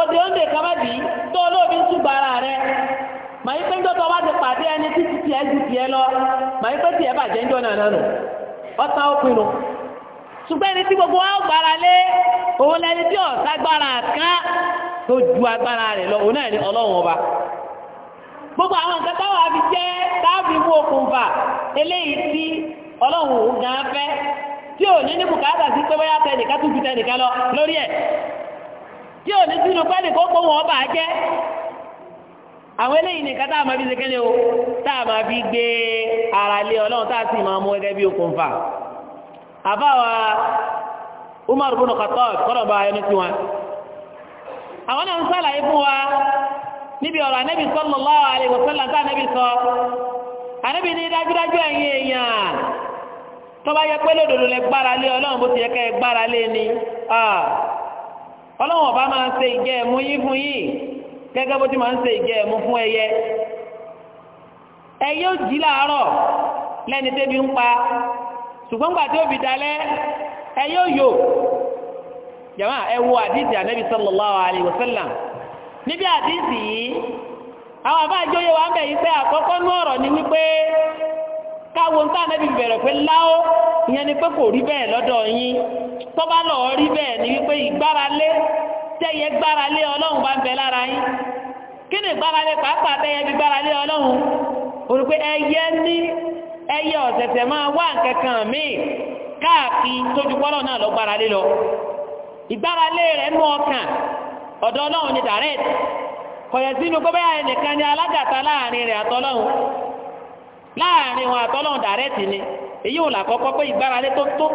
òdì ó ń dè kábàdì tó olóòbí ń túbọ̀ ara rẹ̀ yí pé ńdọ́tọ̀ wá ti pàdé ẹni títí tiẹ̀ ju tiẹ̀ lọ màá yí pé tiẹ̀ bàjẹ́ ńjọ́ náà nánu pinnu ṣùgbọ́n ẹni gbogbo wa ó gbára lé òun lẹni tí ọ̀sá gbára ká tó ju agbára lọ òun náà ọlọ́run ọba gbogbo àwọn nǹkan táwọn àfi jẹ́ táàbí mú okùnfà eléyìí tí ọlọ́run òun gan fẹ́ tí ò ní ní bùkátà sí pé tí ò ní sínú pẹ́lú kó kó wọn bà jẹ́ àwọn eléyìí nìkan tá a máa fi ṣe kéde o tá a máa fi gbé ara lé ọlọ́run tá sì máa mú ẹgẹ́ bí okùnfà àbáwa Umar bin Khattab kọ́nà bá ẹnu sí wọn àwọn náà ń sàlàyé fún wa níbi ọ̀rọ̀ anẹ́bí sallallahu alaihi wasallam tá anẹ́bí sọ anẹ́bí ní dájúdájú ẹ̀yin èèyàn tó bá yẹ pé lódodo lẹ gbára lé ọlọ́run bó ti yẹ ká gbára lé ni ah. ọlọ́wọ́n ọba máa ń ṣe ìgẹ́ ẹ̀mú yín fún yín gẹ́gẹ́ bó ti máa ń se ìgẹ́ ẹ̀mú fún ẹyẹ ẹyẹ ó jí láàárọ̀ lẹ́ni tẹ́bi ń pa ṣùgbọ́n gbà tí ó fi dalẹ́ ẹyẹ yò àdìsí sallallahu alayhi wa níbi àdìsí yìí àwọn yẹ wà ń bẹ̀ àkọ́kọ́ nú káwo ń taa ẹbí bẹ̀rẹ̀ pé láó ìyẹn ni pé kò rí bẹ́ẹ̀ lọ́dọ̀ yín tọ́ba lọ rí bẹ́ẹ̀ ni wípé ìgbáralé tẹ́yẹ gbáralé ọlọ́run bá ń bẹ lára yín kí ni ìgbáralé pàápàá tẹ́yẹ bí gbáralé ọlọ́run olùpẹ́ ẹyẹ ní ẹyẹ ọ̀sẹ̀sẹ̀ máa gbarale míì káàkiri tójú náà lọ gbáralé lọ ìgbáralé rẹ̀ ọkàn ọ̀dọ̀ ọlọ́run ni gbọ́bẹ́yà ẹnìkan ni alágàtà láàrin wọn àtọ́lọ́hún dàrẹ́tì ni èyí ò làkọ́kọ́ pé ìgbáralé tó tó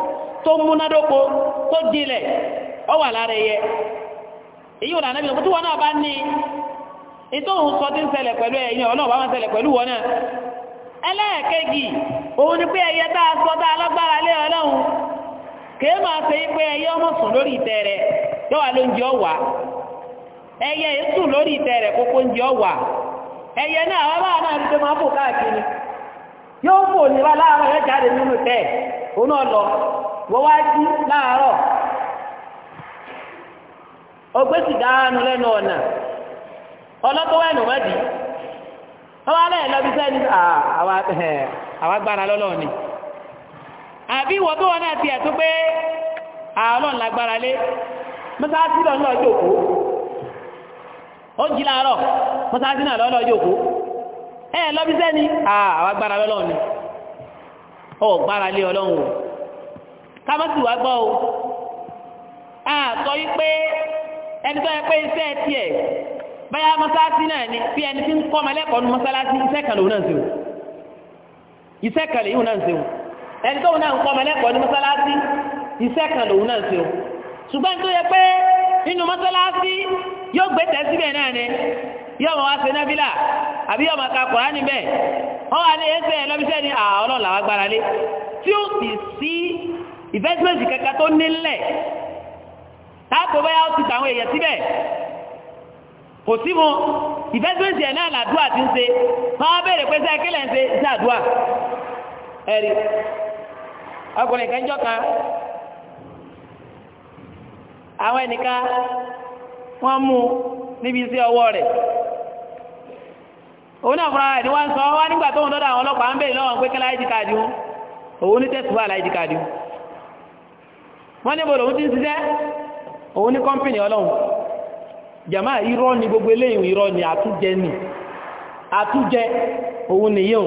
tó múnádóko tó jinlẹ̀ ọ wà lára ẹyẹ èyí ò lànà ìgbàgbọ́ tí wọn náà bá ní ìtòhùn sọ tí ń ṣẹlẹ̀ pẹ̀lú ẹ̀yìn ọlọ́ọ̀bá wọn ṣẹlẹ̀ pẹ̀lú wọn náà ẹlẹ́ẹ̀kejì òun ni pé ẹyẹ tá a sọ tá a lágbára lé ọlọ́run kèé máa ṣe pé ẹyẹ ọmọ sùn lórí yọ́wà ló ń yóò fò nira láàárọ̀ yóò jáde nínú tẹ̀ òun náà jí láàárọ̀ ògbé dáánu lẹ́nu ọ̀nà ọlọ́tọ́wọ́ ẹ̀nù mẹ́dì ọwọ́ alẹ́ lọ́lọ́ ni àbí tó náà ti ẹ̀tún pé àlọ́ ẹ lọ́bí sẹ́ni àwọn agbára lọ́lọ́run ni ọ̀ gbára lé ọlọ́run o kámọ́sì wá gbọ́ o àtọ́ yí pé ẹni tó yẹ pé iṣẹ́ tiẹ̀ báyà mọ́sálásí náà ni bí ẹni tí ń kọ́ ọmọlẹ́kọ̀ọ́ ní mọ́sálásí iṣẹ́ kan lòun náà ń ṣe o iṣẹ́ kan lòun náà ń ṣe o ẹni tóun náà ń kọ́ ọmọlẹ́kọ̀ọ́ ní mọ́sálásí iṣẹ́ kan lòun náà ń ṣe o ṣùgbọ́n tó yẹ pé nínú mọ́sálásí yóò gbé tẹ̀ síbẹ̀ náà ni yóò mọ̀ wá ṣe nábìlà àbí ọmọ ká Kùránì bẹ́ẹ̀ wọ́n wà ní ẹsẹ̀ lọ́bíṣẹ́ ní Ọlọ́run làwọn agbára lé tí ó sì sí investment kankan tó nílẹ̀ táàpù bẹ́ẹ̀ ó ti tàwọn èèyàn síbẹ̀ kò sí mu investment yẹn náà làdúrà ti ń ṣe wọ́n béèrè pé sẹ́ kílẹ̀ ń ṣe iṣẹ́ àdúrà ẹ̀rí ọkùnrin kan jọ àwọn ẹnìkan wọ́n mú níbi iṣẹ́ ọwọ́ rẹ̀. òun náà fúnra rẹ̀ ni wọ́n ń sọ wá nígbà tóun dọ́dọ̀ àwọn ọlọ́pàá ń bèèrè lọ́wọ́ pé kí láìdí káàdì òun ní wọ́n ti ń ṣiṣẹ́ òun ní kọ́mpìnì ọlọ́run jàmá ni gbogbo eléyìn irọ́ ni ni ni sọ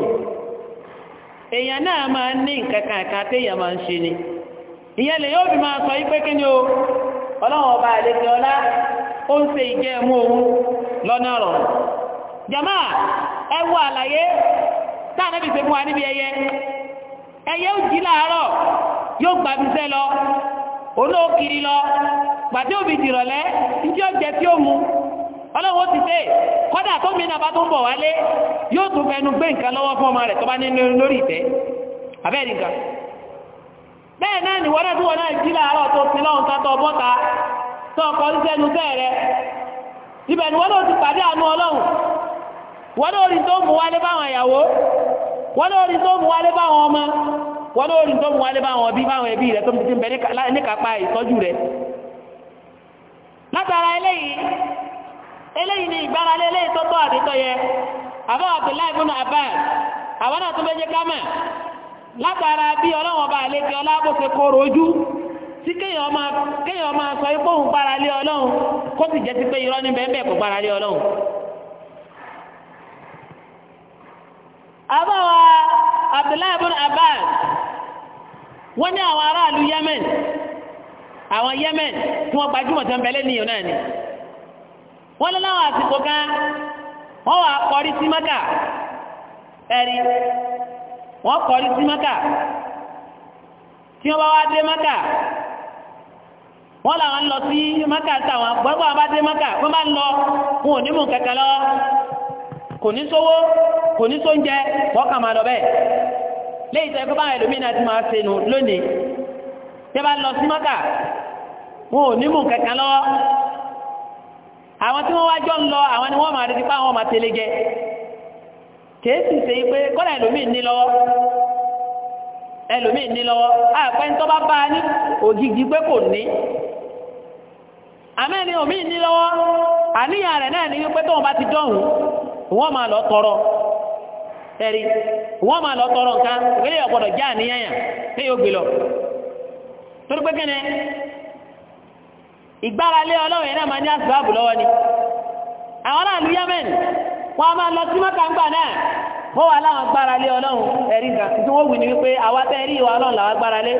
o ọlọ́run ọba jama ẹ wo àlàyé tá ànábì ṣe fún wa níbi ẹyẹ ẹyẹ ó jí yóò gbà bí lọ òun ó kiri lọ gbàdé òbí dìrọ̀lẹ́ ntí o tí ó mu ọlọ́wọ́ ti dé kọ́dà tó mi nàbà tó ń bọ̀ wálé yóò tún fẹnu gbé nǹkan lọ́wọ́ fún ọmọ rẹ̀ tó bá lórí ìtẹ́ abẹ́rẹ́ nǹkan bẹ́ẹ̀ náà ni wọ́n náà jí tó ti lọ́hùn tọ́ bọ́ta tó ọkọ̀ ń wọ́n lórí tó mú wálé báwọn ìyàwó wọ́n lórí tó mú wálé báwọn ọmọ wọ́n lórí tó mú wálé báwọn ẹbí báwọn ẹbí rẹ̀ tó ti ti ń bẹ níkàpá ìtọ́jú rẹ̀ látara eléyìí eléyìí ni tó tọ́ yẹ àbá Abdullahi àwọn náà méje látara bí àbáwa abdullahi ibn abbas wọ́n ní àwọn aráàlú yemen àwọn yemen tí wọ́n gbajúmọ̀ tó ń bẹ̀lẹ̀ níyàn náà ni wọ́n lọ láwọn àsìkò kan wọ́n wà kọrí sí mẹ́kà ẹ̀rí wọ́n kọrí sí mẹ́kà tí wọ́n bá wá dé mẹ́kà wọ́n làwọn lọ sí mẹ́kà táwọn gbọ́gbọ́n bá dé mẹ́kà kò ní sówó kò ní sóúnjẹ wọ́n kà máa lọ bẹ́ẹ̀ léyìí tó yẹ kó báwọn ẹlòmíràn ti máa ṣe nù lónìí tí bá lọ sí mọ́kà wọn ò ní mú kankan lọ́wọ́ àwọn tí wọ́n wá jọ ń lọ àwọn ni wọ́n máa retí pé àwọn máa tẹ̀lé jẹ kèésì ṣe pé kọ́dà ẹlòmíì ní lọ́wọ́ ẹlòmíì ní lọ́wọ́ àpẹ́ntọ́ bá bá a ní ògìgì pé kò ní àmẹ́ni òmíì ní lọ́wọ́ àníyàn rẹ̀ náà ní wípé tóun bá ti dọ̀hùn wọ́n máa lọ tọrọ ẹ̀rí wọ́n máa lọ tọrọ nǹkan ìwélé ọ̀gbọ́dọ̀ já àníyànyàn ní yóò gbé lọ torí pé kíni ìgbáralé ọlọ́run yẹn náà máa ní àsìbáàbù lọ́wọ́ ni àwọn náà lu yemen wọ́n a máa lọ sí mọ́ta ńgbà náà wọ́n wà láwọn gbáralé ọlọ́run ẹ̀rí nǹkan tí wọ́n wù ní wípé àwa tẹ́ ìwà ọlọ́run làwọn gbáralé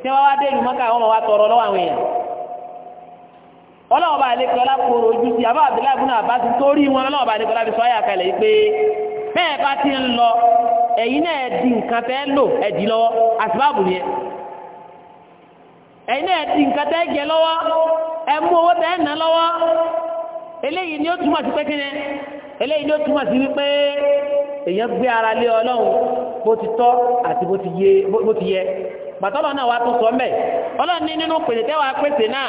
tí wọ́n wá dé ìlú mọ́ta àwọn ọmọ wa tọrọ lọ́wọ́ àwọn èèyàn ọlọ́ọ̀bá àlekọ́ lápòrò ojú sí àbá àbílá ìbúná àbá ti torí wọn ọlọ́ọ̀bá àlekọ́ láfi sọ ayà kalẹ̀ pé bẹ́ẹ̀ bá ti ń lọ ẹ̀yin náà di nǹkan tẹ́ lò ẹ̀dì lọ́wọ́ àsìbáàbù yẹn ẹ̀yin náà di nǹkan tẹ́ jẹ lọ́wọ́ ẹ mú owó tẹ́ ná lọ́wọ́ eléyìí ni ó túmọ̀ sí pé kíni eléyìí ni ó túmọ̀ sí wípé èèyàn gbé ara lé ọlọ́run bó ti tọ́ àti bó ti yẹ bàtọ́lọ́ náà sọ mẹ́ ọlọ́run ní nínú pèsè pèsè náà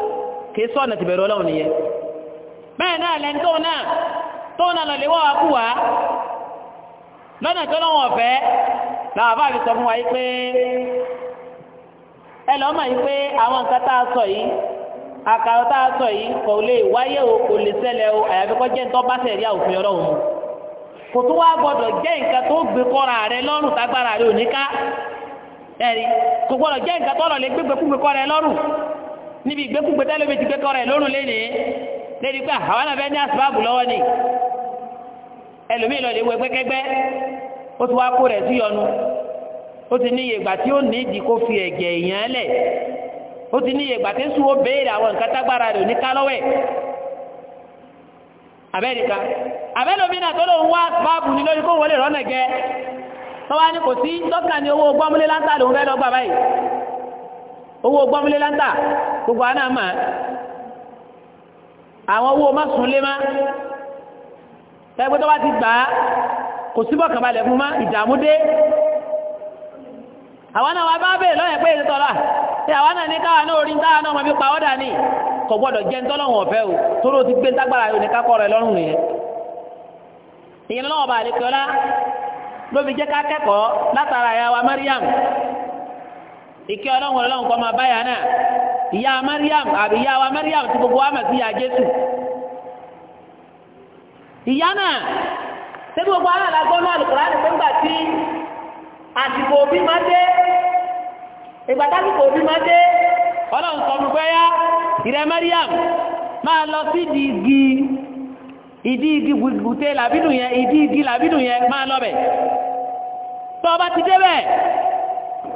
kìí sọ́nà ti bẹ̀rẹ̀ ọlọ́run nìyẹn bẹ́ẹ̀ náà lẹ́ni tó náà tó náà lọ léwọ́ wa kú wa lọ́nà tó lọ́wọ́ ọ̀fẹ́ làwọn bá fi sọ fún wa yìí pé ẹ lọ́ mọ̀ yìí pé àwọn nǹkan tá a sọ yìí àkàrọ̀ tá a sọ yìí kò lè wáyé o kò lè ṣẹlẹ̀ o àyàfi kọ́ jẹ́ ntọ́ bá sẹ̀rí àwòfin ọlọ́run mu kò tó wá gbọdọ̀ jẹ́ nǹkan tó gbé kọ́ra rẹ lọ́rùn tágbára rẹ ò ẹ̀rí kò gbọdọ̀ jẹ́ nǹkan tó lọ lè gbégbé kúgbé kọ́ra rẹ lọ́rùn níbi ìgbékùgbé tẹ́lẹ̀mí ti kẹ́kọ̀ọ́ rẹ̀ lórun lé lédi pé ah, àwọn náà ní àsìbáàbù lọ́wọ́ ni ẹlòmíì lọ́ọ́ lè wọ ẹgbẹ́kẹ́gbẹ́ ó ti wá kó rẹ̀ sí yọnu ó ti ní ìyègbà tí ó ní ìdí kó fi ẹ̀gẹ̀ èèyàn lẹ̀ ó ti ní ìyègbà tí sùn ó béèrè àwọn nǹkan tágbára rẹ̀ ní kálọ́wẹ̀ abẹ́ẹ̀dìka abẹ́lòmínà tó lóun wá báàbù ní lórí kó wọlé rọ́nà gẹ́ tọ́wá ní kò sí dókítà ní owó gbọ́múlé láńtà lòun fẹ́ lọ báyìí owó gbọ́mílé láńtà gbogbo àná mà àwọn owó má sùn lé má ẹgbẹ́ tó bá ti gbà á kò síbọ̀ kàbalẹ̀ fún má ìdààmú dé àwọn náà wà bá bèèrè lọ́yẹ̀ pé èdè tọ́lá tí àwọn náà ní káwà náà orí táwà náà mọ̀bí pàwọ́ dà ní kò gbọ́dọ̀ jẹ́ ń tọ́lọ́wọ̀n ọ̀fẹ́ o tóró ti gbé ń tágbára yóò ní kákọ́ rẹ̀ lọ́rùn rẹ̀ ìyẹn lọ́wọ́ bá àlekọ́lá ló fi ìkẹ́ ọlọ́run ọlọ́run kọ́ máa báyà náà ìyá mariam àbí ìyá wa mariam ti gbogbo àmọ̀ sí ìyá jésù ìyá náà ṣé gbogbo àwọn àlágbọ́n náà lùkùrá ní pẹ́ngbà tí àsìkò òbí máa dé ìgbà tásìkò òbí máa dé ọlọ́run sọ fún pé yá ìrẹ́ mariam máa lọ sí ìdí igi ìdí igi bùtẹ́ làbínú yẹn ìdí igi làbínú yẹn máa lọ bẹ̀ tọ́ ọba ti débẹ̀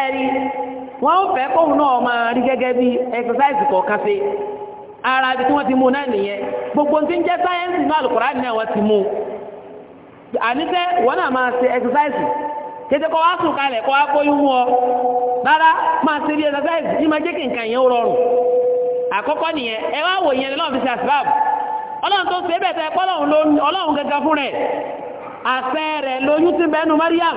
ẹ̀rí wọ́n ń fẹ́ kóhun náà máa rí gẹ́gẹ́ bí exercise kọ̀ọ̀kan ṣe ara ti mú náà nìyẹn gbogbo tí ń jẹ́ sáyẹ́nsì náà Al-Kùránì ti mú àníṣe wọ́n náà máa ṣe exercise kété kọ́ wá sùn kalẹ̀ kọ́ wá bóyún wọ rárá máa ṣe bí exercise yìí máa jẹ́ kí nǹkan yẹn rọrùn àkọ́kọ́ nìyẹn ẹ wá wò yẹn fi ṣe àṣìbáàb ọlọ́run tó ṣe é bẹ̀ẹ́ gẹ́gẹ́ fún rẹ̀ àṣẹ rẹ̀ lóyún ti Mariam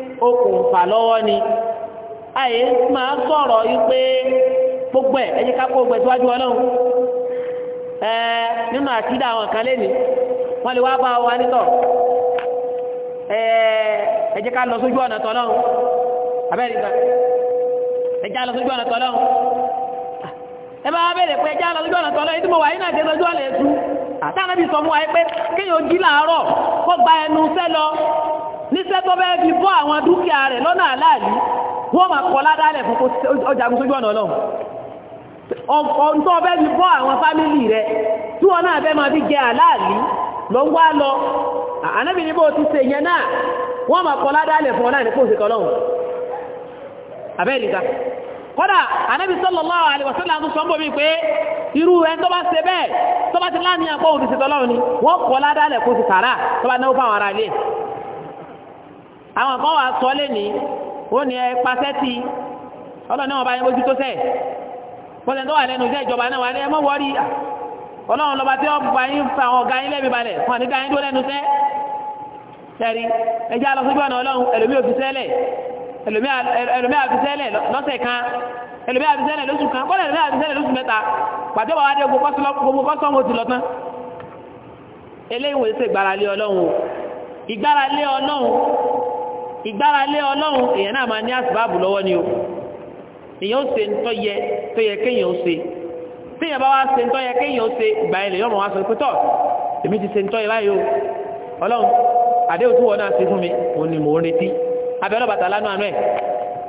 okùnfà lọ́wọ́ ni àyè máa sọ̀rọ̀ yìí pé gbogbo ẹ̀ ẹ̀jẹ̀ ká gbogbo ẹ̀ síwájú ọlọ́run ẹ̀ẹ́ nínú àtidá àwọn kan lé ní wọ́n lè wá bá wa nítọ̀ ẹ̀ẹ́ ẹ̀jẹ̀ ká lọ sójú ọ̀nà tọ́lọ́run abẹ́rẹ́ ìgbà ẹ̀jẹ̀ ká lọ sójú ọ̀nà tọ́lọ́run ẹ bá wá bẹ̀rẹ̀ pé ẹ̀jẹ̀ ká lọ sójú ọ̀nà tọ́lọ́run ètò mọ̀ wáyé náà jẹ́ lójú ọ̀nà ètú àtàwọn ẹbí sọ fún wa pé kéèyàn jí làárọ̀ kó gba ẹnu sẹ́ lọ níṣẹ́ tó bẹ́ẹ̀ fi bọ́ àwọn dúkìá rẹ̀ lọ́nà aláàlú wọ́n máa kọ́ ládàálẹ̀ fún ọjà sójú ọ̀nà ọlọ́run ọ̀ntọ́ bẹ́ẹ̀ fi bọ́ àwọn fámìlì rẹ̀ tí wọ́n náà fẹ́ máa fi jẹ aláàlú ló ń wá lọ ànábì ní bó ti ṣe yẹn náà wọ́n máa kọ́ ládàálẹ̀ fún ọlọ́run kó ṣètò ọlọ́run abẹ́ẹ̀lìga kọ́dà ànábì àwọn kan wà sọ lẹ́ni ó ní ẹ pàṣẹ ti ọlọ́run náà bá yẹn bójú tó sẹ̀ pọ́sẹ̀ tó wà lẹ́nu iṣẹ́ ìjọba náà wà ní ẹ mọ́ wọ́rí ọlọ́run lọ́ba tí wọ́n bá yín fa àwọn ọ̀gá yín lẹ́bi balẹ̀ fún àdídá yín dúró lẹ́nu sẹ́ sẹ́rí ẹjẹ́ alọ́sọ́jọ́ ọ̀nà ọlọ́run ẹlòmí òfi sẹ́lẹ̀ ẹlòmí àfi sẹ́lẹ̀ lọ́sẹ̀ kan ẹlòmí àfi lóṣù kan kọ́lẹ̀ ẹlòmí àfi lóṣù mẹ́ta pàtó bá wá dé gbogbo kọ́sọ́mù ti lọ eléyìí wò ṣe ìgbáralé ọlọ́run ìgbáralé ọlọ́run ìgbáralé ọlọ́run èèyàn náà máa ní àsìbáàbù lọ́wọ́ ni o èèyàn ó ṣe tó yẹ tó yẹ kéèyàn ó ṣe téèyàn bá wá se tó yẹ kéèyàn ó ṣe ìgbà ilẹ̀ yọ̀rùn wá sọ pé tọ̀ èmi ti ṣe tó yẹ báyìí o ọlọ́run àdéhùn tí wọ́n náà ṣe fún mi òun ni mò ń retí abẹ́ ọlọ́bàtà lánàá àánú ẹ̀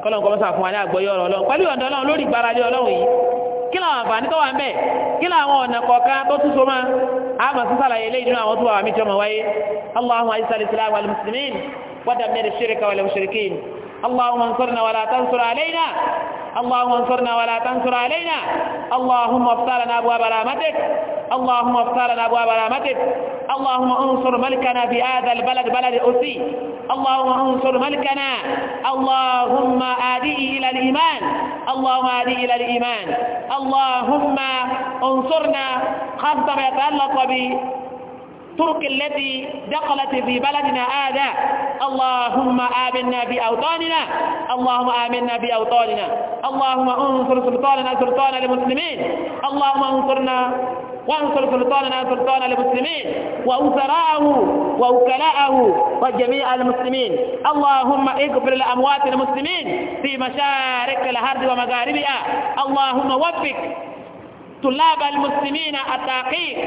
kọ́lọ́n kọ́mọ́sà fún wa ní àgbọ́yé ọ̀rọ̀ ọlọ́run pẹ̀lú ọ̀dọ́ ọlọ́run lórí ìgbáralé ọlọ́run yìí kí làwọn àǹfààní tó wà ń bẹ kí làwọn ọ̀nà kọ̀ọ̀kan tó tún so máa àmọ̀ sísàlàyé lẹ́yìn nínú àwọn tó wà wà ودمر الشرك والمشركين اللهم انصرنا ولا تنصر علينا اللهم انصرنا ولا تنصر علينا اللهم افتح لنا ابواب رحمتك اللهم افتح لنا ابواب رحمتك اللهم انصر ملكنا في هذا البلد بلد اسي اللهم انصر ملكنا اللهم آديه الى الايمان اللهم آديه الى الايمان اللهم انصرنا خاصه ما يتعلق ترك التي دخلت في بلدنا هذا اللهم آمنا بأوطاننا اللهم آمنا بأوطاننا اللهم انصر سلطاننا سلطان المسلمين اللهم انصرنا وانصر سلطاننا سلطان المسلمين وأسراءه ووكلاءه وجميع المسلمين اللهم اغفر لأموات المسلمين في مشارق الأرض ومغاربها اللهم وفق طلاب المسلمين التحقيق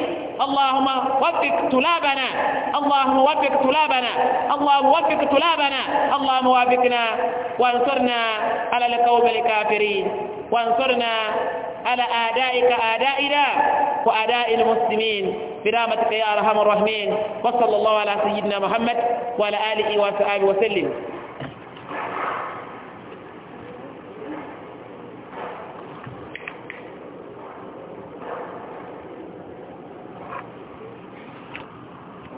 اللهم وفق طلابنا اللهم وفق طلابنا اللهم وفق طلابنا اللهم وفقنا وانصرنا على القوم الكافرين وانصرنا على أعدائك أعدائنا وأعداء المسلمين برحمتك يا أرحم الراحمين وصلى الله على سيدنا محمد وعلى آله وصحبه وسلم